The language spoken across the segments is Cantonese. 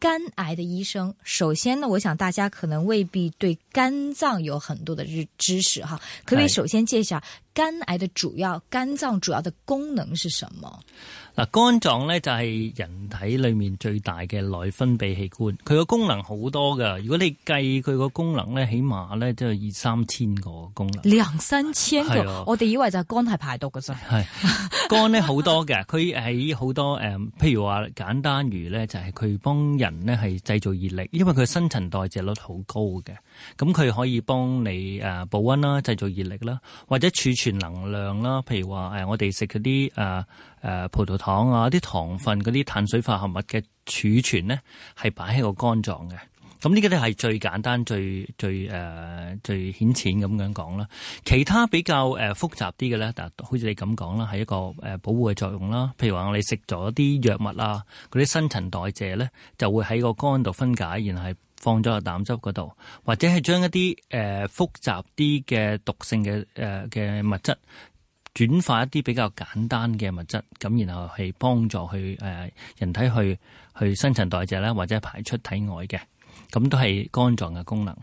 肝癌的醫生，首先呢，我想大家可能未必對肝臟有很多的知知識哈，可以首先介紹肝癌的主要肝臟主要的功能是什麼？嗱，肝臟咧就係人體裏面最大嘅內分泌器官，佢個功能好多噶。如果你計佢個功能咧，起碼咧即係二三千個功能。兩三千個，哦、我哋以為就係肝係排毒嘅啫。係肝咧好多嘅，佢喺好多誒，譬如話簡單如咧，就係佢幫人咧係製造熱力，因為佢新陳代謝率好高嘅。咁佢可以幫你誒保溫啦，製造熱力啦，或者儲存。能量啦，譬如話誒，我哋食嗰啲誒誒葡萄糖啊，啲糖分嗰啲碳水化合物嘅儲存咧，係擺喺個肝臟嘅。咁呢個咧係最簡單、最最誒、呃、最顯淺咁樣講啦。其他比較誒、呃、複雜啲嘅咧，嗱好似你咁講啦，係一個誒保護嘅作用啦。譬如話我哋食咗啲藥物啊，嗰啲新陳代謝咧就會喺個肝度分解，然後係。放咗入膽汁嗰度，或者係將一啲誒、呃、複雜啲嘅毒性嘅誒嘅物質轉化一啲比較簡單嘅物質，咁然後係幫助去誒、呃、人體去去新陳代謝啦，或者排出體外嘅，咁都係肝臟嘅功能。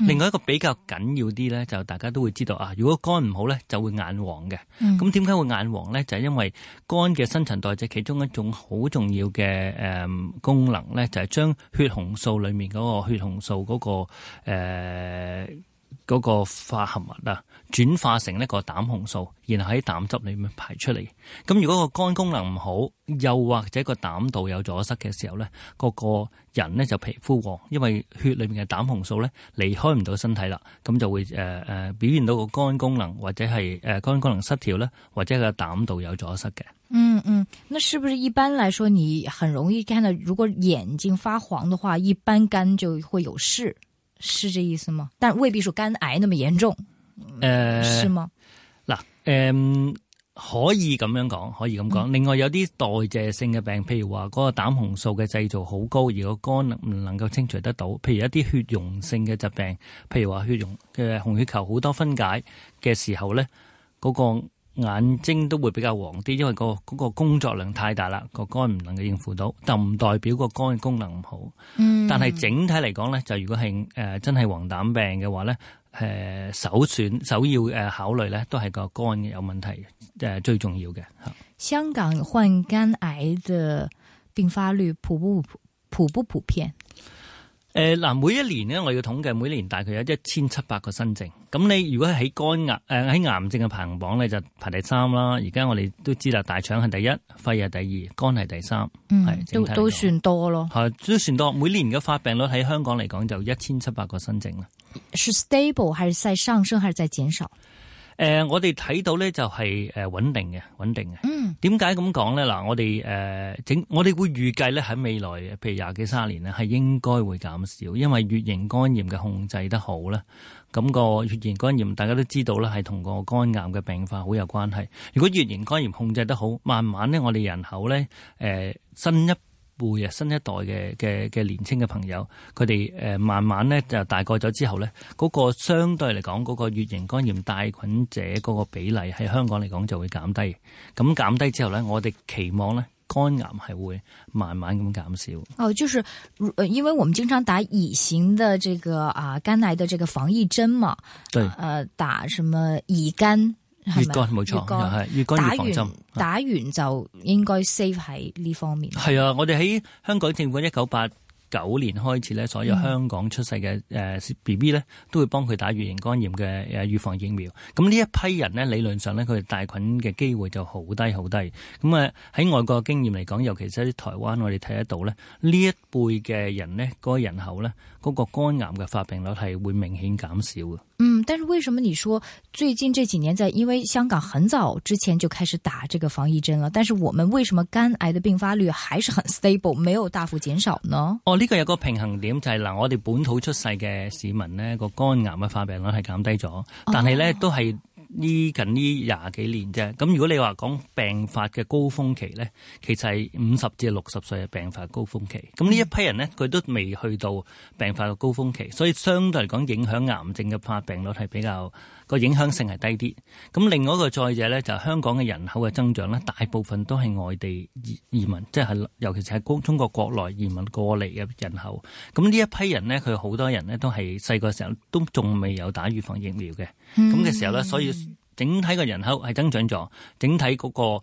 另外一個比較緊要啲咧，就大家都會知道啊，如果肝唔好咧，就會眼黃嘅。咁點解會眼黃咧？就係、是、因為肝嘅新陳代謝其中一種好重要嘅誒、嗯、功能咧，就係將血紅素裡面嗰個血紅素嗰、嗰個誒、呃嗰個、化合物啊，轉化成一個膽紅素，然後喺膽汁裡面排出嚟。咁如果個肝功能唔好，又或者個膽道有阻塞嘅時候咧，嗰個個人呢就皮膚黃，因為血裏面嘅膽紅素呢離開唔到身體啦，咁就會誒誒、呃呃、表現到個肝功能或者係誒、呃、肝功能失調呢，或者個膽道有阻塞嘅。嗯嗯，那是不是一般來說，你很容易看到如果眼睛發黃的話，一般肝就會有事，是這意思嗎？但未必說肝癌那麼嚴重，誒、呃，是嗎？嗱，嗯、呃。可以咁樣講，可以咁講。另外有啲代謝性嘅病，譬如話嗰個膽紅素嘅製造好高，而個肝能唔能夠清除得到？譬如一啲血溶性嘅疾病，譬如話血溶嘅紅血球好多分解嘅時候咧，嗰、嗰個眼睛都會比較黃啲，因為個嗰個工作量太大啦，個肝唔能夠應付到。就唔代表個肝嘅功能唔好，嗯，但係整體嚟講咧，就如果係誒、呃、真係黃疸病嘅話咧。誒，首選首要誒考慮咧，都係個肝有問題誒，最重要嘅。香港患肝癌的病發率普不普普不普遍？誒，嗱，每一年咧，我要統計，每年大概有一千七百個新症。咁你如果喺肝癌，誒、呃、喺癌症嘅排行榜咧，你就排第三啦。而家我哋都知啦，大腸係第一，肺係第二，肝係第三，係、嗯、都都算多咯。係都算多，每年嘅發病率喺香港嚟講就一千七百個新症啦。是 stable 還是在上升還是在減少？誒、呃，我哋睇到咧就係誒穩定嘅，穩定嘅。嗯，點解咁講咧？嗱，我哋誒整，我哋會預計咧喺未來，譬如廿幾卅年咧，係應該會減少，因為乙型肝炎嘅控制得好咧，咁、那個乙型肝炎大家都知道咧，係同個肝癌嘅病發好有關係。如果乙型肝炎控制得好，慢慢咧我哋人口咧誒、呃、新一會啊，新一代嘅嘅嘅年青嘅朋友，佢哋誒慢慢咧就大個咗之後咧，嗰、那個相對嚟講嗰、那個乙型肝炎帶菌者嗰個比例喺香港嚟講就會減低，咁減低之後咧，我哋期望咧肝癌係會慢慢咁減少。哦，就是，因為我們經常打乙型嘅這個啊肝癌嘅這個防疫針嘛，對，呃、啊、打什麼乙肝？乙肝冇錯，又係乙肝預防針。打完，打完就應該 save 喺呢方面。係啊，我哋喺香港政府一九八九年開始咧，所有香港出世嘅誒 B B 咧，嗯，都會幫佢打乙型肝炎嘅誒預防疫苗。咁、嗯、呢一批人呢，理論上呢，佢哋帶菌嘅機會就好低好低。咁啊喺外國嘅經驗嚟講，尤其是喺台灣，我哋睇得到咧，呢一輩嘅人呢，嗰、那個人口咧。嗰、那個肝癌嘅發病率係會明顯減少嘅。嗯，但是為什麼你說最近這幾年在因為香港很早之前就開始打這個防疫針了，但是我們為什麼肝癌的病發率還是很 stable，沒有大幅減少呢？哦，呢、這個有個平衡點就係嗱，我哋本土出世嘅市民呢，個肝癌嘅發病率係減低咗，但係呢、哦、都係。呢近呢廿幾年啫，咁如果你話講病發嘅高峰期咧，其實係五十至六十歲嘅病發高峰期。咁呢一批人咧，佢都未去到病發嘅高峰期，所以相對嚟講，影響癌症嘅發病率係比較。個影響性係低啲，咁另外一個再者咧，就係、香港嘅人口嘅增長咧，大部分都係外地移移民，即係尤其是係高中國國內移民過嚟嘅人口。咁呢一批人咧，佢好多人咧都係細個時候都仲未有打預防疫苗嘅，咁、嗯、嘅時候咧，所以整體個人口係增長咗。整體嗰個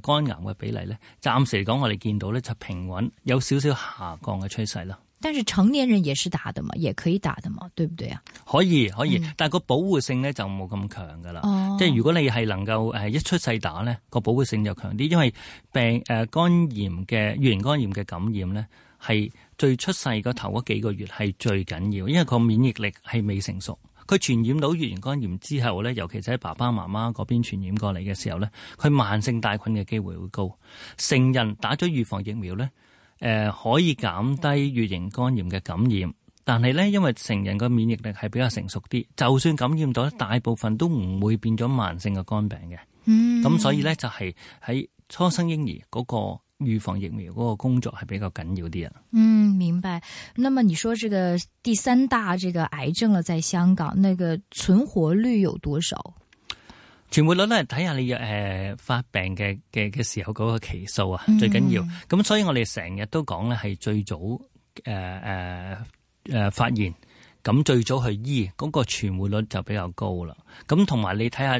肝癌嘅比例咧，暫時嚟講我哋見到咧就平穩，有少少下降嘅趨勢啦。但是成年人也是打的嘛，也可以打的嘛，對不對啊？可以，可以，但係個保護性呢就冇咁強噶啦、嗯。即係如果你係能夠誒一出世打呢個保護性就強啲。因為病誒、呃、肝炎嘅乙型肝炎嘅感染呢，係最出世個頭嗰幾個月係最緊要，因為個免疫力係未成熟。佢傳染到乙型肝炎之後呢，尤其喺爸爸媽媽嗰邊傳染過嚟嘅時候呢，佢慢性帶菌嘅機會會高。成人打咗預防疫苗呢。誒、呃，可以減低乙型肝炎嘅感染，但係呢，因為成人個免疫力係比較成熟啲，就算感染到，大部分都唔會變咗慢性嘅肝病嘅。嗯，咁所以呢，就係、是、喺初生嬰兒嗰個預防疫苗嗰個工作係比較緊要啲啊。嗯，明白。那麼你說這個第三大這個癌症啦，在香港，那個存活率有多少？存活率咧，睇下你誒發病嘅嘅嘅時候嗰個期數啊，最緊要。咁、嗯、所以我哋成日都講咧，係最早誒誒誒發現，咁最早去醫，嗰、那個存活率就比較高啦。咁同埋你睇下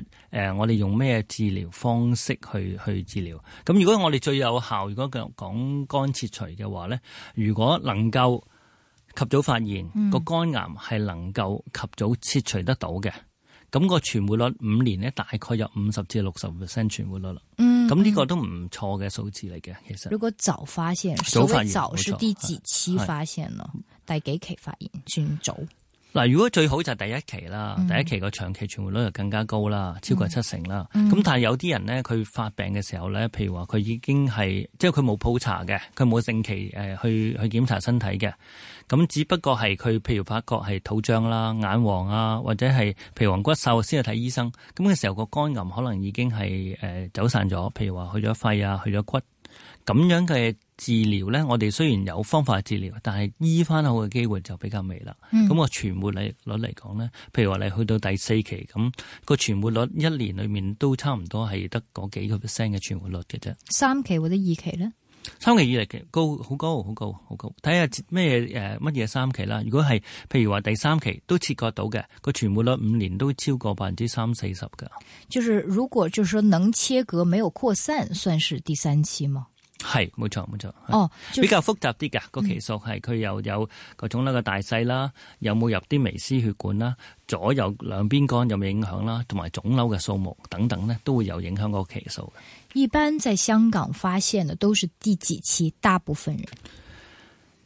誒，我哋用咩治療方式去去治療？咁如果我哋最有效，如果講講肝切除嘅話咧，如果能夠及早發現個肝癌，係能夠及早切除得到嘅。咁個存活率五年咧，大概有五十至六十 percent 存活率啦，嗯。嗯，咁呢個都唔錯嘅數字嚟嘅，其實。如果早發現，早發現，早是，早是第幾期發現咯？第幾期發現算早？嗱，如果最好就係第一期啦，第一期個長期存活率就更加高啦，超過七成啦。咁、嗯嗯、但係有啲人咧，佢發病嘅時候咧，譬如話佢已經係即係佢冇普查嘅，佢冇定期誒去去檢查身體嘅。咁只不過係佢譬如發覺係肚脹啦、眼黃啊，或者係皮黃骨瘦先去睇醫生。咁嘅時候個肝癌可能已經係誒走散咗，譬如話去咗肺啊、去咗骨，咁樣嘅。治療咧，我哋雖然有方法治療，但係醫翻好嘅機會就比較微啦。咁個存活率率嚟講咧，譬如話你去到第四期咁，個存活率一年裏面都差唔多係得嗰幾個 percent 嘅存活率嘅啫。三期或者二期咧？三期、二期高好高、好高、好高。睇下咩誒乜嘢三期啦。如果係譬如話第三期都切割到嘅，個存活率五年都超過百分之三四十嘅。就是如果就是說能切割沒有擴散算是第三期嗎？係冇錯冇錯哦、就是，比較複雜啲噶個期數係佢又有個腫瘤嘅大細啦、嗯，有冇入啲微絲血管啦，左右兩邊肝有冇影響啦，同埋腫瘤嘅數目等等咧，都會有影響個期數。一般在香港發現嘅都係第幾期？大部分人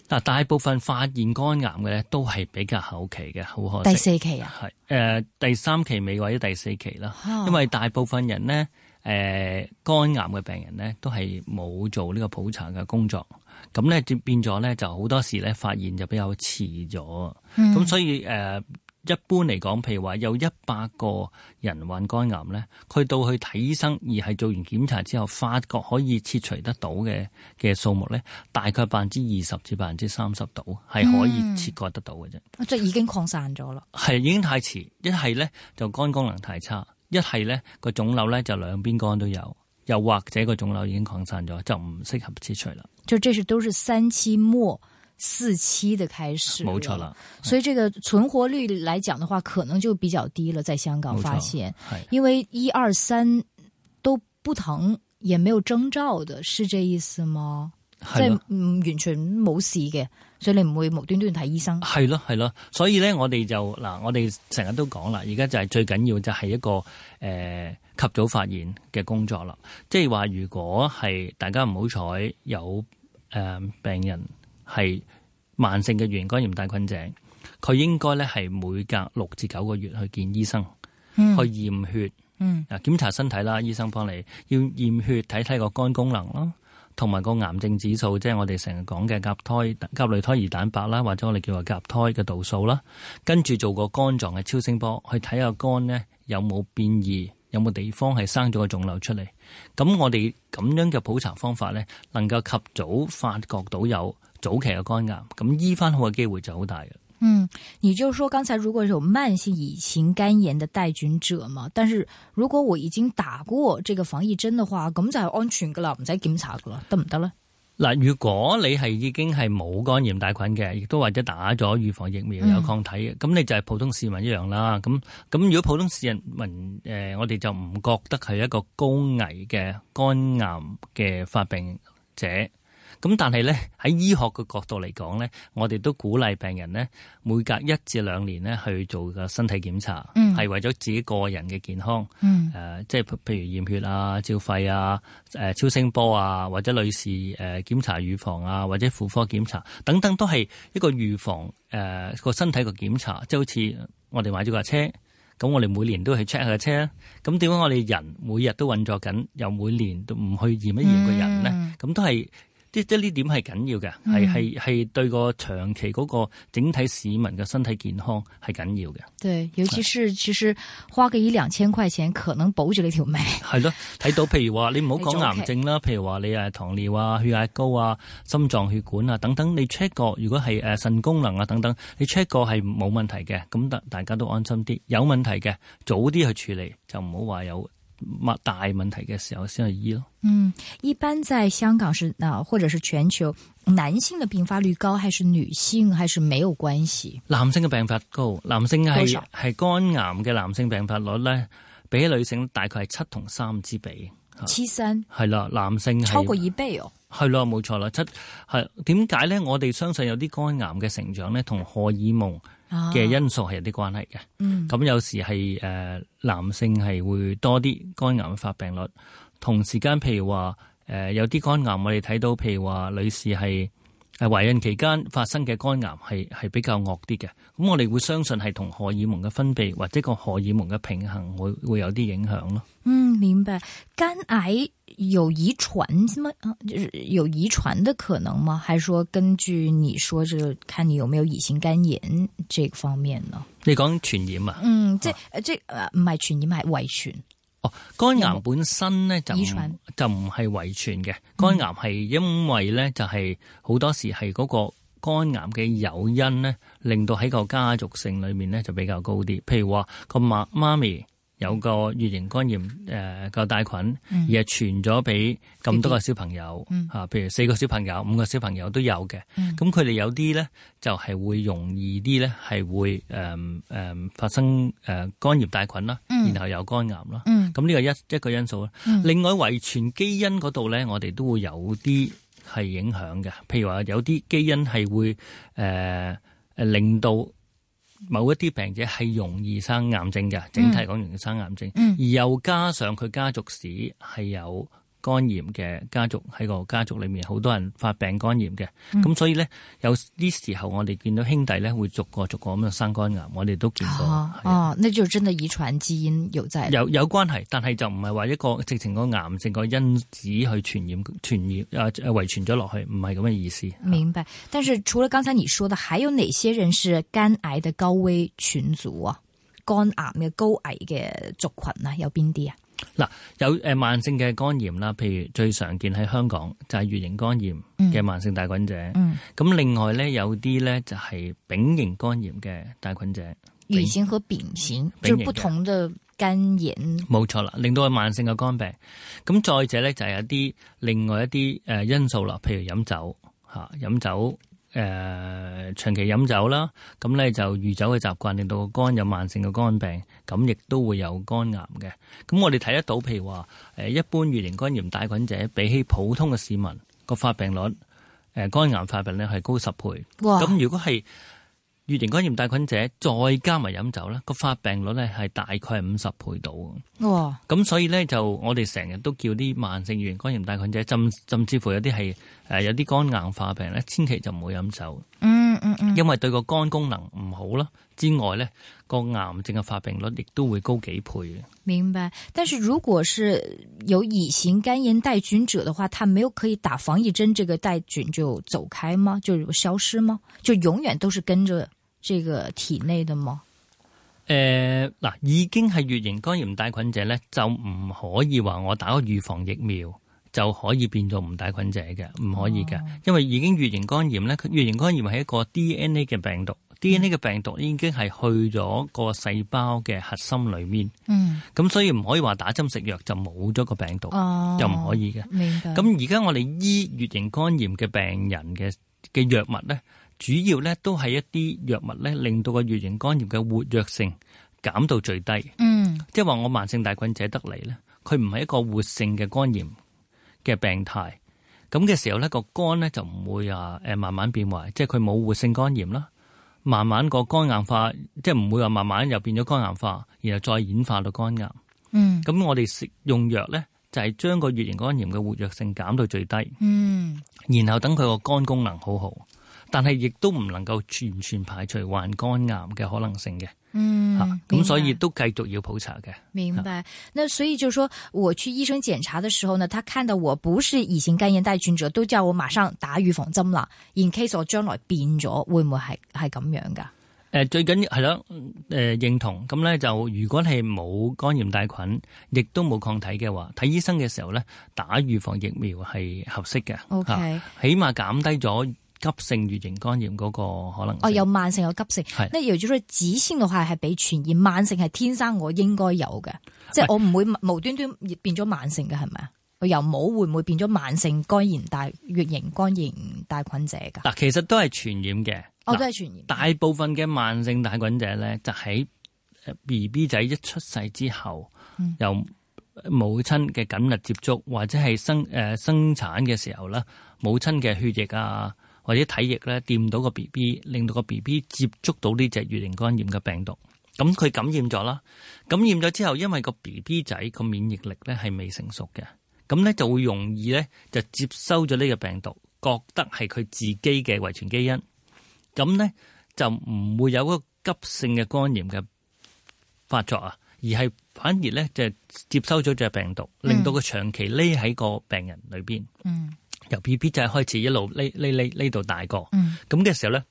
嗱、啊，大部分發現肝癌嘅咧都係比較後期嘅，好可惜。第四期啊，係誒、呃、第三期尾或者第四期啦，因為大部分人咧。誒肝癌嘅病人咧，都係冇做呢個普查嘅工作，咁咧變咗咧就好多時咧發現就比較遲咗。咁、嗯、所以誒一般嚟講，譬如話有一百個人患肝癌咧，佢到去睇醫生而係做完檢查之後，發覺可以切除得到嘅嘅數目咧，大概百分之二十至百分之三十度係可以切割得到嘅啫。即、嗯、已經擴散咗啦，係已經太遲，一係咧就肝功能太差。一係呢個腫瘤呢，就兩邊肝都有，又或者個腫瘤已經擴散咗，就唔適合切除啦。就這是都是三期末四期的開始了，冇錯啦。所以這個存活率來講的話，可能就比較低了。在香港發現，因為一二三都不疼，也沒有徵兆的，是這意思嗎？嗎在、嗯、完全冇事嘅。所以你唔會無端端睇醫生。係咯，係咯，所以咧，我哋就嗱，我哋成日都講啦，而家就係最緊要就係一個誒、呃、及早發現嘅工作咯。即係話，如果係大家唔好彩有誒、呃、病人係慢性嘅原肝炎帶菌者，佢應該咧係每隔六至九個月去見醫生，嗯、去驗血，啊、嗯、檢查身體啦，醫生幫你要驗血睇睇個肝功能咯。同埋個癌症指數，即係我哋成日講嘅甲胎甲類胎兒蛋白啦，或者我哋叫做甲胎嘅度數啦，跟住做個肝臟嘅超聲波，去睇下肝呢有冇變異，有冇地方係生咗個腫瘤出嚟。咁我哋咁樣嘅普查方法呢，能夠及早發覺到有早期嘅肝癌，咁醫翻好嘅機會就好大嘅。嗯，你就說，剛才如果有慢性乙型肝炎的帶菌者嘛，但是如果我已經打過這個防疫針的話，咁就係安全噶啦，唔使檢查噶啦，得唔得呢？嗱，如果你係已經係冇肝炎帶菌嘅，亦都或者打咗預防疫苗有抗體嘅，咁、嗯、你就係普通市民一樣啦。咁咁如果普通市民，民、呃、誒，我哋就唔覺得係一個高危嘅肝癌嘅發病者。咁但係咧喺醫學嘅角度嚟講咧，我哋都鼓勵病人咧，每隔一至兩年咧去做個身體檢查，係、嗯、為咗自己個人嘅健康。誒、嗯呃，即係譬如驗血啊、照肺啊、誒、呃、超聲波啊，或者女士誒檢、呃、查預防啊，或者婦科檢查等等，都係一個預防誒個、呃、身體嘅檢查。即係好似我哋買咗架車，咁我哋每年都去 check 下架車。咁點解我哋人每日都運作緊，又每年都唔去驗一驗個人咧？咁、嗯、都係。即即呢點係緊要嘅，係係係對個長期嗰個整體市民嘅身體健康係緊要嘅。對，尤其是，是其實花個一兩千塊錢，可能保住你條命。係咯，睇到譬如話你唔好講癌症啦，譬如話你啊糖尿啊、血壓高啊、心臟血管啊等等，你 check 過如果係誒、呃、腎功能啊等等，你 check 過係冇問題嘅，咁大大家都安心啲。有問題嘅早啲去處理，就唔好話有，擘大問題嘅時候先去醫咯。嗯，一般在香港是啊，或者是全球，男性嘅病發率高，還是女性，還是沒有關係？男性嘅病發高，男性係係肝癌嘅男性病發率咧，比起女性大概係七同三之比。七三係啦，男性係超過一倍哦。係咯，冇錯啦，七係點解咧？我哋相信有啲肝癌嘅成長咧，同荷爾蒙。嘅因素係有啲關係嘅，咁、啊嗯、有時係誒、呃、男性係會多啲肝癌發病率，同時間譬如話誒、呃、有啲肝癌我哋睇到，譬如話女士係。係懷孕期間發生嘅肝癌係係比較惡啲嘅，咁我哋會相信係同荷爾蒙嘅分泌或者個荷爾蒙嘅平衡會會有啲影響咯。嗯，明白。肝癌有遺傳嗎？啊，有遺傳的可能嗎？還是說根據你說，就看你有沒有乙型肝炎這個方面呢？你講傳染啊？嗯，即係即係唔係傳染，係遺傳。哦，肝癌本身咧就不就唔係遺傳嘅，肝癌係因為咧就係、是、好多時係嗰個肝癌嘅誘因咧，令到喺個家族性裏面咧就比較高啲，譬如話個媽媽咪。有個乙型肝炎誒個帶菌，嗯、而係傳咗俾咁多個小朋友嚇、嗯，譬如四個小朋友、五個小朋友都有嘅。咁佢哋有啲咧，就係、是、會容易啲咧，係會誒誒、呃呃、發生誒肝炎帶菌啦，然後有肝癌啦。咁、嗯、呢、嗯、個一一個因素啦、嗯。另外遺傳基因嗰度咧，我哋都會有啲係影響嘅。譬如話有啲基因係會誒誒、呃、令到。某一啲病者係容易生癌症嘅，整體講容易生癌症，嗯、而又加上佢家族史係有，肝炎嘅家族喺個家族裏面，好多人發病肝炎嘅。咁、嗯、所以咧有啲時候我哋見到兄弟咧會逐個逐個咁樣生肝癌，我哋都見過。啊、哦，呢就真係遺傳基因有在，有有關係，但係就唔係話一個直情個癌症個因子去傳染傳染，誒誒，遺傳咗落去，唔係咁嘅意思。明白。但是除了剛才你說的，還有哪些人是肝癌嘅高危群組啊？肝癌嘅高危嘅族群啊，有邊啲啊？嗱，有誒慢性嘅肝炎啦，譬如最常見喺香港就係乙型肝炎嘅慢性帶菌者，咁、嗯嗯、另外咧有啲咧就係丙型肝炎嘅帶菌者。乙型和丙型就是、不同嘅肝炎，冇錯啦，令到佢慢性嘅肝病。咁再者咧就係有啲另外一啲誒因素啦，譬如飲酒吓，飲酒。誒、呃，長期飲酒啦，咁咧就酗酒嘅習慣令到個肝有慢性嘅肝病，咁亦都會有肝癌嘅。咁我哋睇得到，譬如話，誒，一般乙型肝炎帶菌者比起普通嘅市民，個發病率，誒，肝癌發病率係高十倍。咁如果係。乙型肝炎帶菌者再加埋飲酒咧，個發病率咧係大概五十倍到嘅。哦。咁所以咧就我哋成日都叫啲慢性乙型肝炎帶菌者，甚甚至乎有啲係誒有啲肝硬化病咧，千祈就唔好飲酒。嗯嗯嗯，因為對個肝功能唔好啦，之外咧個癌症嘅發病率亦都會高幾倍。明白。但是如果是有乙型肝炎帶菌者嘅話，他沒有可以打防疫針，這個帶菌就走開嗎？就消失嗎？就永遠都是跟着？這個體內的嗎？誒，嗱，已經係乙型肝炎帶菌者咧，就唔可以話我打個預防疫苗就可以變做唔帶菌者嘅，唔可以嘅。哦，因為已經乙型肝炎咧，乙型肝炎係一個 DNA 嘅病毒。嗯，DNA 嘅病毒已經係去咗個細胞嘅核心裏面，嗯，咁所以唔可以話打針食藥就冇咗個病毒。哦，就唔可以嘅，明白。咁而家我哋醫乙型肝炎嘅病人嘅嘅藥物咧。主要咧都係一啲藥物咧，令到個乙型肝炎嘅活躍性減到最低。嗯，即係話我慢性帶菌者得嚟咧，佢唔係一個活性嘅肝炎嘅病態。咁嘅時候咧，個肝咧就唔會啊誒慢慢變壞，即係佢冇活性肝炎啦。慢慢個肝硬化，即係唔會話慢慢又變咗肝硬化，然後再演化到肝癌。嗯，咁我哋食用藥咧，就係將個乙型肝炎嘅活躍性減到最低。嗯，然後等佢個肝功能好好。但係，亦都唔能夠完全排除患肝癌嘅可能性嘅。嗯，吓、啊、咁，所以都繼續要普查嘅。明白。那所以就說，說我去醫生檢查嘅時候呢，他看到我不是乙型肝炎帶菌者，都叫我馬上打預防針了。怎麼啦？In case 我將來變咗會唔會係係咁樣噶？誒、呃，最緊要係咯，誒、呃、認同咁咧，就如果係冇肝炎帶菌，亦都冇抗體嘅話，睇醫生嘅時候咧打預防疫苗係合適嘅。O、okay. K，、啊、起碼減低咗。急性乙型肝炎嗰個可能性哦，有慢性有急性，因為 u s u a l 嘅話係比傳染慢性係天生我應該有嘅、哎，即係我唔會無端端變咗慢性嘅，係咪啊？我又冇會唔會變咗慢性肝炎大乙型肝炎帶菌者噶？嗱，其實都係傳染嘅，哦，都係傳染的、呃。大部分嘅慢性帶菌者咧，就喺 B B 仔一出世之後、嗯，由母親嘅緊密接觸或者係生誒、呃、生產嘅時候啦，母親嘅血液啊。或者體液咧，掂到個 B B，令到個 B B 接觸到呢隻乙型肝炎嘅病毒，咁佢感染咗啦。感染咗之後，因為個 B B 仔個免疫力咧係未成熟嘅，咁咧就會容易咧就接收咗呢個病毒，覺得係佢自己嘅遺傳基因，咁咧就唔會有個急性嘅肝炎嘅發作啊，而係反而咧就接收咗呢隻病毒，令到佢長期匿喺個病人裏邊，嗯。嗯。由 B B 就係開始一路呢呢呢呢度大個，咁、嗯、嘅時候咧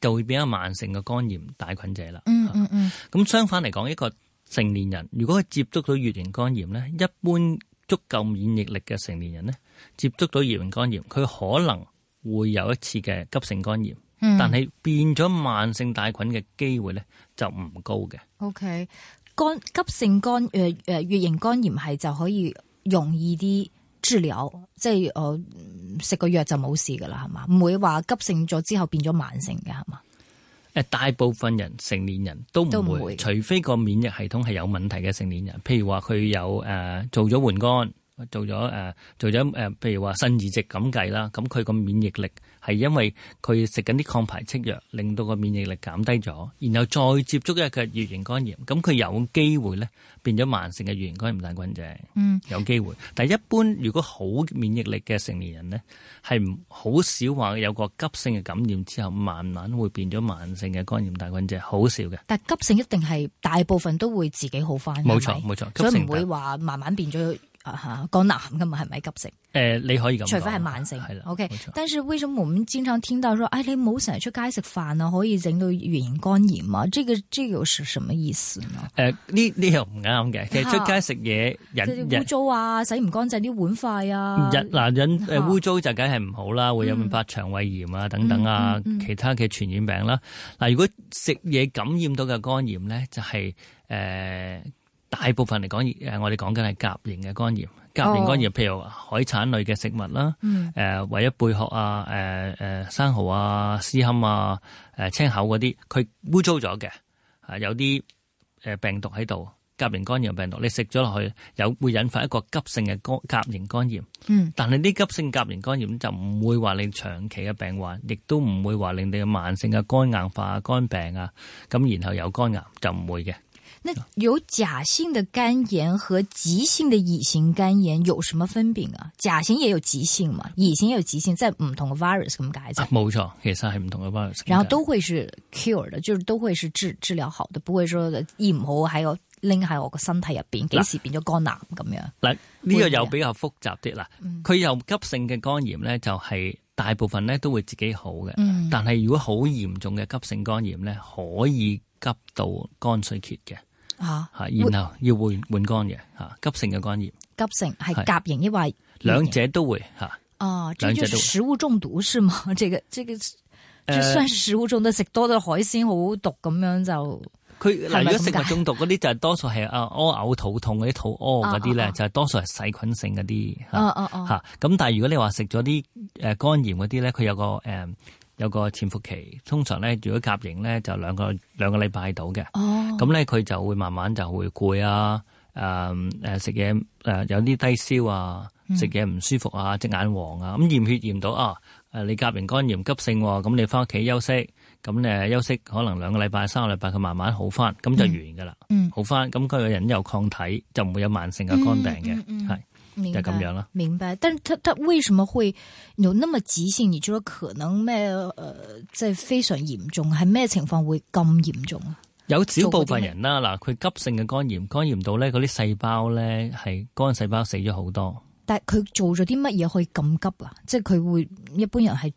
就會變咗慢性嘅肝炎帶菌者啦。嗯嗯嗯。咁、嗯、相反嚟講，一個成年人如果佢接觸到乙型肝炎咧，一般足夠免疫力嘅成年人咧，接觸到乙型肝炎，佢可能會有一次嘅急性肝炎，嗯、但係變咗慢性帶菌嘅機會咧就唔高嘅。O K，肝急性肝誒誒乙型肝炎係就可以容易啲。治療即係我食個藥就冇事噶啦，係嘛？唔會話急性咗之後變咗慢性嘅，係嘛？誒、呃，大部分人成年人都唔會，都唔會嘅，除非個免疫系統係有問題嘅成年人，譬如話佢有誒、呃、做咗換肝，做咗誒做咗誒，譬、呃、如話腎移植咁計啦，咁佢個免疫力。係因為佢食緊啲抗排斥藥，令到個免疫力減低咗，然後再接觸一個乙型肝炎，咁佢有機會咧變咗慢性嘅乙型肝炎大菌症。嗯，有機會，但係一般如果好免疫力嘅成年人咧，係唔好少話有個急性嘅感染之後，慢慢會變咗慢性嘅肝炎大菌症，好少嘅。但係急性一定係大部分都會自己好翻。冇錯，冇錯，所以唔會話慢慢變咗。啊吓，講男噶嘛係咪急性？誒、呃，你可以咁講，除非係慢性，係啦，OK。但是為什麼我們經常聽到說，哎，你唔好成日出街食飯啊，可以整到乙型肝炎啊？呢、這個即、這個又是什麼意思啊？誒、呃，呢呢樣唔啱嘅，其實出街食嘢引污糟啊，洗唔乾淨啲碗筷啊，日嗱污糟就梗係唔好啦，嗯，會有引發腸胃炎啊等等啊，嗯嗯、其他嘅傳染病啦，啊。嗱、啊，如果食嘢感染到嘅肝炎咧，就係、是、誒。呃大部分嚟講，我哋講緊係甲型嘅肝炎，甲型肝炎、oh. 譬如海產類嘅食物啦，誒、mm. 呃、為咗貝殼啊、呃呃，生蠔啊、獅坎啊、青口嗰啲，佢污糟咗嘅，有啲病毒喺度，甲型肝炎病毒，你食咗落去有會引發一個急性嘅肝甲型肝炎。嗯、mm.，但係呢啲急性甲型肝炎就唔會話你長期嘅病患，亦都唔會話令你嘅慢性嘅肝硬化、肝病啊，咁然後有肝癌就唔會嘅。那有甲型的肝炎和急性的乙型肝炎有什麼分別啊？甲型也有急性嘛？乙型也有急性？即係唔同嘅 virus 咁解？啫、啊。冇錯，其實係唔同嘅 virus 然。然後都會是 cure 嘅，就是、都會是治治療好的，不會說一冇，還有拎，喺我個身體入邊幾時變咗肝癌咁樣。嗱，呢、這個又比較複雜啲啦。佢由急性嘅肝炎咧，就係大部分咧都會自己好嘅、嗯。但係如果好嚴重嘅急性肝炎咧，可以急到肝衰竭嘅。吓、啊，然後要換換肝嘅吓，急性嘅肝炎，急性係甲型抑或，兩者都會吓。哦、啊，即食物中毒，啊、是嘛？這個，這個，算食物中毒，食、呃、多咗海鮮好毒咁樣就。佢如果食物中毒嗰啲就係多數係啊屙嘔、肚痛嗰啲、肚屙嗰啲咧，就係、是、多數係細菌性嗰啲。哦哦哦。吓、啊，咁、啊、但係如果你話食咗啲誒肝炎嗰啲咧，佢有個誒。呃有個潛伏期，通常咧，如果甲型咧就兩個兩個禮拜到嘅。哦、oh.，咁咧佢就會慢慢就會攰啊，誒食嘢有啲低燒啊，食嘢唔舒服啊，隻眼黃啊。咁、嗯、驗血驗到啊，你甲型肝炎急性喎、啊，咁你返屋企休息，咁誒休，休息可能兩個禮拜三個禮拜佢慢慢好返，咁就完㗎啦、mm.。好返，咁、那、佢個人有抗體就唔會有慢性嘅肝病嘅，mm. Mm. 明就咁樣咯，明白。但係，他佢，為什麼會有那麼急性？你覺得可能咩？誒、呃即係，在非常嚴重，還咩情況會咁嚴重啊？有少部分人啦，嗱，佢急性嘅肝炎，肝炎到咧，嗰啲細胞咧係肝細胞死咗好多。但係佢做咗啲乜嘢可以咁急啊？即係佢會一般人係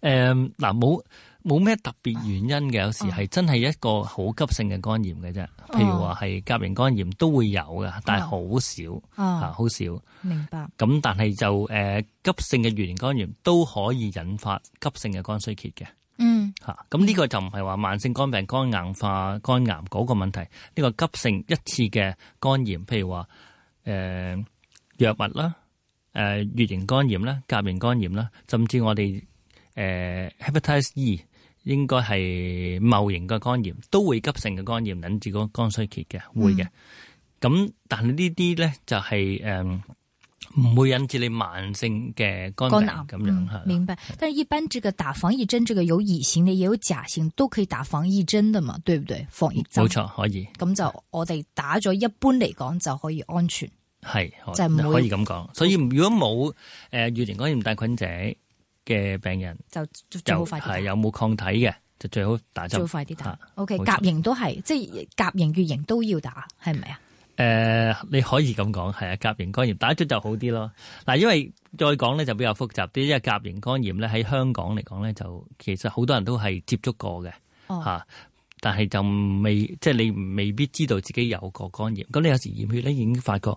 誒嗱冇。嗯呃冇咩特別原因嘅，有時係真係一個好急性嘅肝炎嘅啫。譬如話係甲型肝炎都會有㗎，但係好少好、哦哦啊、少。明白。咁但係就誒、呃、急性嘅乙型肝炎都可以引發急性嘅肝衰竭嘅。嗯。咁、啊、呢、呢個就唔係話慢性肝病、肝硬化、肝癌嗰個問題。呢、呢個急性一次嘅肝炎，譬如話誒藥物啦、誒乙型肝炎啦、甲型肝炎啦，甚至我哋誒、呃、hepatitis E。應該係戊型嘅肝炎，都會急性嘅肝炎引致嗰肝衰竭嘅，會嘅。咁、嗯、但係呢啲咧就係、是、誒，唔、嗯、會引致你慢性嘅肝癌咁樣吓、嗯。明白。但係一般這個打防疫針，這個有乙型嘅，也有甲型，都可以打防疫針噶嘛，對唔對？防疫針冇錯，可以。咁就我哋打咗，一般嚟講就可以安全。係，就唔、是、可以咁講。所以如果冇誒，乙、呃、型肝炎帶菌者。嘅病人就就係有冇抗體嘅，就最好打針，最好快啲打。啊、o、OK，甲型都係，即係甲型乙型都要打，係咪啊？誒、呃，你可以咁講，係啊，甲型肝炎打咗就好啲咯。嗱、啊，因為再講咧就比較複雜啲，因為甲型肝炎咧喺香港嚟講咧就其實好多人都係接觸過嘅嚇、哦啊，但係就未即係、就是、你未必知道自己有個肝炎。咁你有時驗血咧已經發覺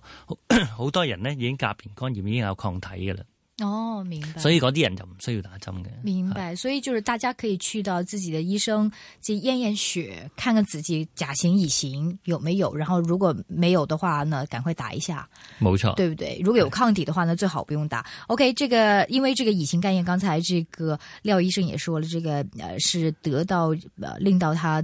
好多人咧已經甲型肝炎已經有抗體嘅啦。哦，明白，所以嗰啲人就唔需要打針嘅。明白，所以就是大家可以去到自己的醫生，去驗驗血，看看自己甲型乙型有沒有。然後如果沒有的話呢，趕快打一下。冇錯，對不對？如果有抗體的話呢，最好不用打。OK，這個因為這個乙型肝炎，剛才這個廖醫生也說了，這個呃是得到、呃、令到他。